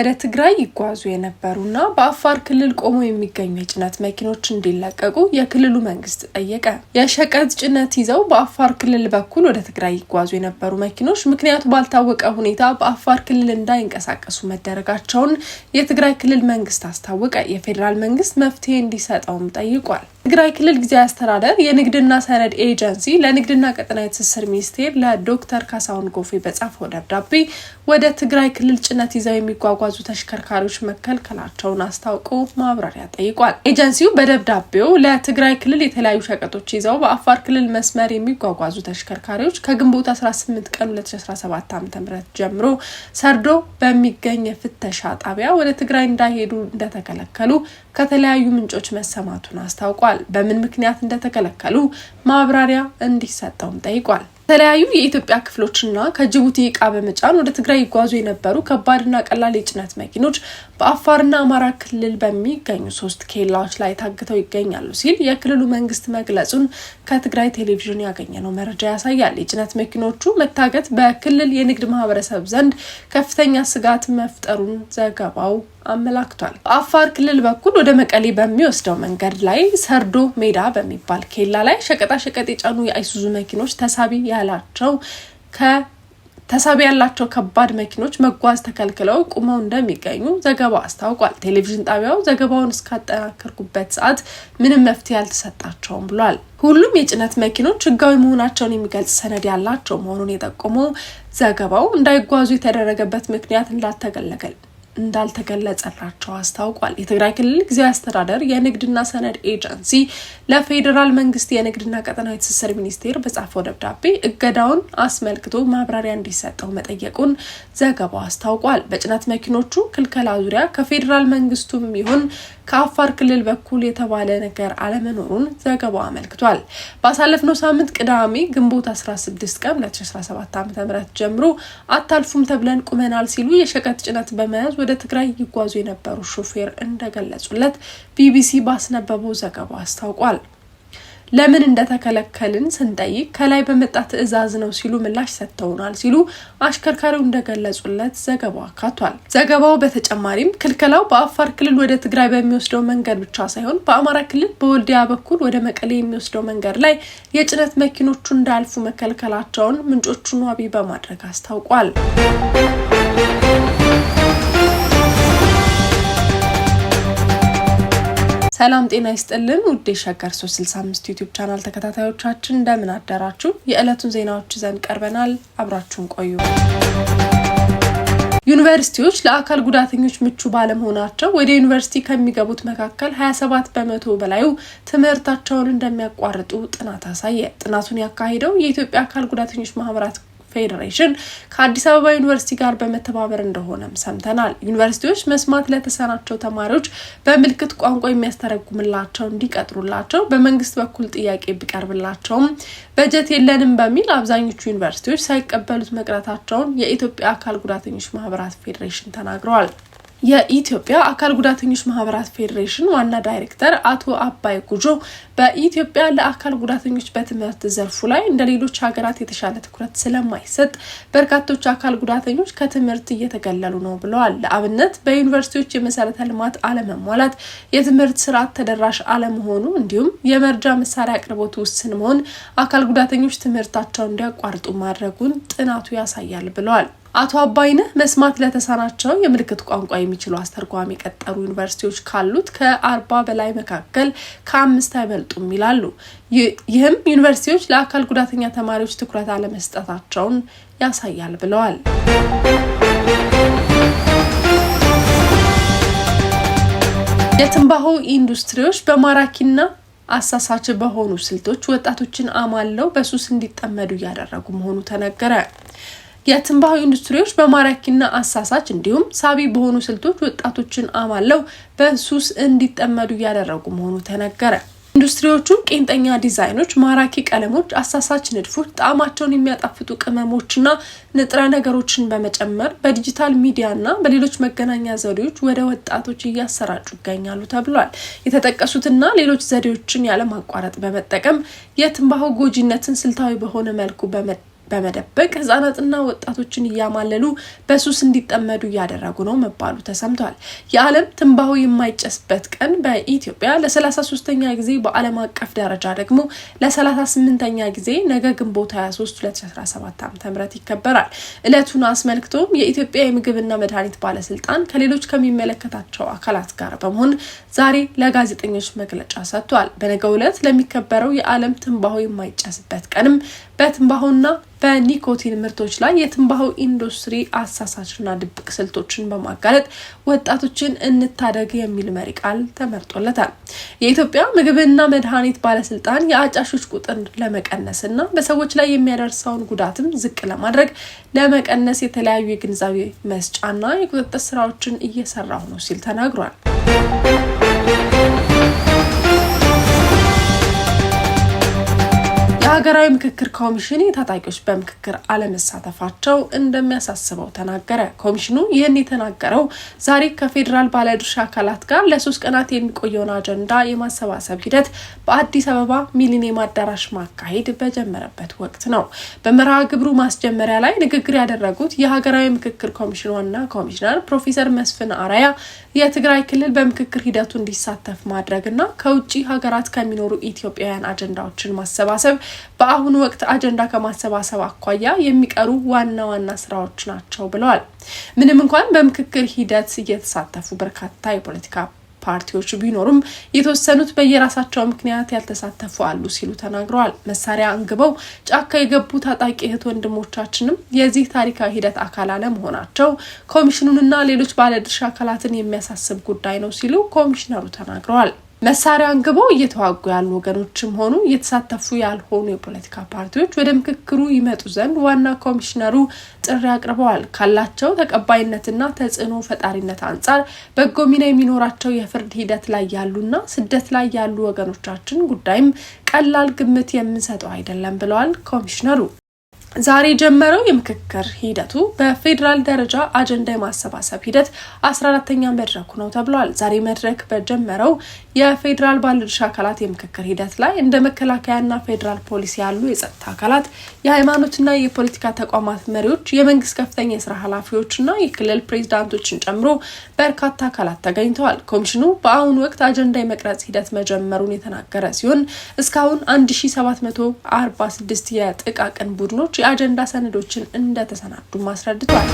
ወደ ትግራይ ይጓዙ የነበሩና በአፋር ክልል ቆሞ የሚገኙ የጭነት መኪኖች እንዲለቀቁ የክልሉ መንግስት ጠየቀ። የሸቀጥ ጭነት ይዘው በአፋር ክልል በኩል ወደ ትግራይ ይጓዙ የነበሩ መኪኖች ምክንያቱ ባልታወቀ ሁኔታ በአፋር ክልል እንዳይንቀሳቀሱ መደረጋቸውን የትግራይ ክልል መንግስት አስታወቀ። የፌዴራል መንግስት መፍትሄ እንዲሰጠውም ጠይቋል። ትግራይ ክልል ጊዜያዊ አስተዳደር የንግድና ሰነድ ኤጀንሲ ለንግድና ቀጠናዊ ትስስር ሚኒስቴር ለዶክተር ካሳሁን ጎፌ በጻፈው ደብዳቤ ወደ ትግራይ ክልል ጭነት ይዘው የሚጓጓዙ ተሽከርካሪዎች መከልከላቸውን አስታውቆ ማብራሪያ ጠይቋል። ኤጀንሲው በደብዳቤው ለትግራይ ክልል የተለያዩ ሸቀጦች ይዘው በአፋር ክልል መስመር የሚጓጓዙ ተሽከርካሪዎች ከግንቦት 18 ቀን 2017 ዓ.ም ጀምሮ ሰርዶ በሚገኝ የፍተሻ ጣቢያ ወደ ትግራይ እንዳይሄዱ እንደተከለከሉ ከተለያዩ ምንጮች መሰማቱን አስታውቋል። ተከልክለዋል። በምን ምክንያት እንደተከለከሉ ማብራሪያ እንዲሰጠውም ጠይቋል። ከተለያዩ የኢትዮጵያ ክፍሎችና ከጅቡቲ እቃ በመጫን ወደ ትግራይ ይጓዙ የነበሩ ከባድና ቀላል የጭነት መኪኖች በአፋርና አማራ ክልል በሚገኙ ሶስት ኬላዎች ላይ ታግተው ይገኛሉ ሲል የክልሉ መንግስት መግለጹን ከትግራይ ቴሌቪዥን ያገኘነው መረጃ ያሳያል። የጭነት መኪኖቹ መታገት በክልል የንግድ ማህበረሰብ ዘንድ ከፍተኛ ስጋት መፍጠሩን ዘገባው አመላክቷል። አፋር ክልል በኩል ወደ መቀሌ በሚወስደው መንገድ ላይ ሰርዶ ሜዳ በሚባል ኬላ ላይ ሸቀጣሸቀጥ የጫኑ የአይሱዙ መኪኖች ተሳቢ ያላቸው ከ ተሳቢ ያላቸው ከባድ መኪኖች መጓዝ ተከልክለው ቁመው እንደሚገኙ ዘገባው አስታውቋል። ቴሌቪዥን ጣቢያው ዘገባውን እስካጠናከርኩበት ሰዓት ምንም መፍትሄ አልተሰጣቸውም ብሏል። ሁሉም የጭነት መኪኖች ሕጋዊ መሆናቸውን የሚገልጽ ሰነድ ያላቸው መሆኑን የጠቆመው ዘገባው እንዳይጓዙ የተደረገበት ምክንያት እንዳልተገለገል እንዳልተገለጸላቸው አስታውቋል። የትግራይ ክልል ጊዜያዊ አስተዳደር የንግድና ሰነድ ኤጀንሲ ለፌዴራል መንግስት የንግድና ቀጠናዊ ትስስር ሚኒስቴር በጻፈው ደብዳቤ እገዳውን አስመልክቶ ማብራሪያ እንዲሰጠው መጠየቁን ዘገባው አስታውቋል። በጭነት መኪኖቹ ክልከላ ዙሪያ ከፌዴራል መንግስቱም ይሁን ከአፋር ክልል በኩል የተባለ ነገር አለመኖሩን ዘገባው አመልክቷል። ባሳለፍነው ሳምንት ቅዳሜ ግንቦት 16 ቀን 2017 ዓ.ም ጀምሮ አታልፉም ተብለን ቁመናል ሲሉ የሸቀጥ ጭነት በመያዝ ወደ ትግራይ ይጓዙ የነበሩ ሾፌር እንደገለጹለት ቢቢሲ ባስነበበው ዘገባ አስታውቋል። ለምን እንደተከለከልን ስንጠይቅ ከላይ በመጣ ትዕዛዝ ነው ሲሉ ምላሽ ሰጥተውናል ሲሉ አሽከርካሪው እንደገለጹለት ዘገባው አካቷል። ዘገባው በተጨማሪም ክልከላው በአፋር ክልል ወደ ትግራይ በሚወስደው መንገድ ብቻ ሳይሆን በአማራ ክልል በወልዲያ በኩል ወደ መቀሌ የሚወስደው መንገድ ላይ የጭነት መኪኖቹ እንዳያልፉ መከልከላቸውን ምንጮቹን ዋቢ በማድረግ አስታውቋል። ሰላም ጤና ይስጥልን ውድ ሸገር 365 ዩቲዩብ ቻናል ተከታታዮቻችን እንደምን አደራችሁ። የዕለቱን ዜናዎች ይዘን ቀርበናል። አብራችሁን ቆዩ። ዩኒቨርሲቲዎች ለአካል ጉዳተኞች ምቹ ባለመሆናቸው ወደ ዩኒቨርሲቲ ከሚገቡት መካከል 27 በመቶ በላዩ ትምህርታቸውን እንደሚያቋርጡ ጥናት አሳየ። ጥናቱን ያካሄደው የኢትዮጵያ አካል ጉዳተኞች ማህበራት ፌዴሬሽን ከአዲስ አበባ ዩኒቨርሲቲ ጋር በመተባበር እንደሆነም ሰምተናል። ዩኒቨርሲቲዎች መስማት ለተሰናቸው ተማሪዎች በምልክት ቋንቋ የሚያስተረጉምላቸው እንዲቀጥሩላቸው በመንግስት በኩል ጥያቄ ቢቀርብላቸውም በጀት የለንም በሚል አብዛኞቹ ዩኒቨርሲቲዎች ሳይቀበሉት መቅረታቸውን የኢትዮጵያ አካል ጉዳተኞች ማህበራት ፌዴሬሽን ተናግረዋል። የኢትዮጵያ አካል ጉዳተኞች ማህበራት ፌዴሬሽን ዋና ዳይሬክተር አቶ አባይ ጉጆ በኢትዮጵያ ለአካል ጉዳተኞች በትምህርት ዘርፉ ላይ እንደ ሌሎች ሀገራት የተሻለ ትኩረት ስለማይሰጥ በርካቶች አካል ጉዳተኞች ከትምህርት እየተገለሉ ነው ብለዋል። ለአብነት በዩኒቨርሲቲዎች የመሰረተ ልማት አለመሟላት፣ የትምህርት ስርዓት ተደራሽ አለመሆኑ እንዲሁም የመርጃ መሳሪያ አቅርቦት ውስን መሆን አካል ጉዳተኞች ትምህርታቸውን እንዲያቋርጡ ማድረጉን ጥናቱ ያሳያል ብለዋል። አቶ አባይነህ መስማት ለተሳናቸው የምልክት ቋንቋ የሚችሉ አስተርጓሚ የቀጠሩ ዩኒቨርሲቲዎች ካሉት ከአርባ በላይ መካከል ከአምስት አይበልጡ አልወጡም ይላሉ። ይህም ዩኒቨርሲቲዎች ለአካል ጉዳተኛ ተማሪዎች ትኩረት አለመስጠታቸውን ያሳያል ብለዋል። የትንባሆ ኢንዱስትሪዎች በማራኪና አሳሳች በሆኑ ስልቶች ወጣቶችን አማለው በሱስ እንዲጠመዱ እያደረጉ መሆኑ ተነገረ። የትንባሆ ኢንዱስትሪዎች በማራኪና አሳሳች እንዲሁም ሳቢ በሆኑ ስልቶች ወጣቶችን አማለው በሱስ እንዲጠመዱ እያደረጉ መሆኑ ተነገረ። ኢንዱስትሪዎቹ ቄንጠኛ ዲዛይኖች፣ ማራኪ ቀለሞች፣ አሳሳች ንድፎች፣ ጣዕማቸውን የሚያጣፍጡ ቅመሞችና ንጥረ ነገሮችን በመጨመር በዲጂታል ሚዲያና በሌሎች መገናኛ ዘዴዎች ወደ ወጣቶች እያሰራጩ ይገኛሉ ተብሏል። የተጠቀሱትና ሌሎች ዘዴዎችን ያለማቋረጥ በመጠቀም የትንባሆ ጎጂነትን ስልታዊ በሆነ መልኩ በመ በመደበቅ ህጻናትና ወጣቶችን እያማለሉ በሱስ እንዲጠመዱ እያደረጉ ነው መባሉ ተሰምቷል። የዓለም ትንባሁ የማይጨስበት ቀን በኢትዮጵያ ለ33ኛ ጊዜ በዓለም አቀፍ ደረጃ ደግሞ ለ38ኛ ጊዜ ነገ ግንቦት 23 2017 ዓ ም ይከበራል። እለቱን አስመልክቶም የኢትዮጵያ የምግብና መድኃኒት ባለስልጣን ከሌሎች ከሚመለከታቸው አካላት ጋር በመሆን ዛሬ ለጋዜጠኞች መግለጫ ሰጥቷል። በነገው እለት ለሚከበረው የዓለም ትንባሁ የማይጨስበት ቀንም በትንባሆና በኒኮቲን ምርቶች ላይ የትንባሆ ኢንዱስትሪ አሳሳችና ድብቅ ስልቶችን በማጋለጥ ወጣቶችን እንታደግ የሚል መሪ ቃል ተመርጦለታል። የኢትዮጵያ ምግብና መድኃኒት ባለስልጣን የአጫሾች ቁጥር ለመቀነስና በሰዎች ላይ የሚያደርሰውን ጉዳትም ዝቅ ለማድረግ ለመቀነስ የተለያዩ የግንዛቤ መስጫና የቁጥጥር ስራዎችን እየሰራሁ ነው ሲል ተናግሯል። የሀገራዊ ምክክር ኮሚሽን ታጣቂዎች በምክክር አለመሳተፋቸው እንደሚያሳስበው ተናገረ። ኮሚሽኑ ይህን የተናገረው ዛሬ ከፌዴራል ባለድርሻ አካላት ጋር ለሶስት ቀናት የሚቆየውን አጀንዳ የማሰባሰብ ሂደት በአዲስ አበባ ሚሊኒየም አዳራሽ ማካሄድ በጀመረበት ወቅት ነው። በመርሃ ግብሩ ማስጀመሪያ ላይ ንግግር ያደረጉት የሀገራዊ ምክክር ኮሚሽን ዋና ኮሚሽነር ፕሮፌሰር መስፍን አራያ የትግራይ ክልል በምክክር ሂደቱ እንዲሳተፍ ማድረግና ከውጭ ሀገራት ከሚኖሩ ኢትዮጵያውያን አጀንዳዎችን ማሰባሰብ በአሁኑ ወቅት አጀንዳ ከማሰባሰብ አኳያ የሚቀሩ ዋና ዋና ስራዎች ናቸው ብለዋል። ምንም እንኳን በምክክር ሂደት እየተሳተፉ በርካታ የፖለቲካ ፓርቲዎች ቢኖሩም የተወሰኑት በየራሳቸው ምክንያት ያልተሳተፉ አሉ ሲሉ ተናግረዋል። መሳሪያ አንግበው ጫካ የገቡ ታጣቂ እህት ወንድሞቻችንም የዚህ ታሪካዊ ሂደት አካል አለመሆናቸው ኮሚሽኑንና ሌሎች ባለድርሻ አካላትን የሚያሳስብ ጉዳይ ነው ሲሉ ኮሚሽነሩ ተናግረዋል። መሳሪያ አንግበው እየተዋጉ ያሉ ወገኖችም ሆኑ እየተሳተፉ ያልሆኑ የፖለቲካ ፓርቲዎች ወደ ምክክሩ ይመጡ ዘንድ ዋና ኮሚሽነሩ ጥሪ አቅርበዋል። ካላቸው ተቀባይነትና ተጽዕኖ ፈጣሪነት አንጻር በጎ ሚና የሚኖራቸው የፍርድ ሂደት ላይ ያሉና ስደት ላይ ያሉ ወገኖቻችን ጉዳይም ቀላል ግምት የምንሰጠው አይደለም ብለዋል ኮሚሽነሩ። ዛሬ የጀመረው የምክክር ሂደቱ በፌዴራል ደረጃ አጀንዳ የማሰባሰብ ሂደት አስራ አራተኛ መድረኩ ነው ተብሏል። ዛሬ መድረክ በጀመረው የፌዴራል ባለድርሻ አካላት የምክክር ሂደት ላይ እንደ መከላከያና ፌዴራል ፖሊስ ያሉ የጸጥታ አካላት፣ የሃይማኖትና የፖለቲካ ተቋማት መሪዎች፣ የመንግስት ከፍተኛ የስራ ኃላፊዎችና የክልል ፕሬዚዳንቶችን ጨምሮ በርካታ አካላት ተገኝተዋል። ኮሚሽኑ በአሁኑ ወቅት አጀንዳ የመቅረጽ ሂደት መጀመሩን የተናገረ ሲሆን እስካሁን 1746 የጥቃቅን ቡድኖች የአጀንዳ ሰነዶችን እንደተሰናዱ ማስረድቷል።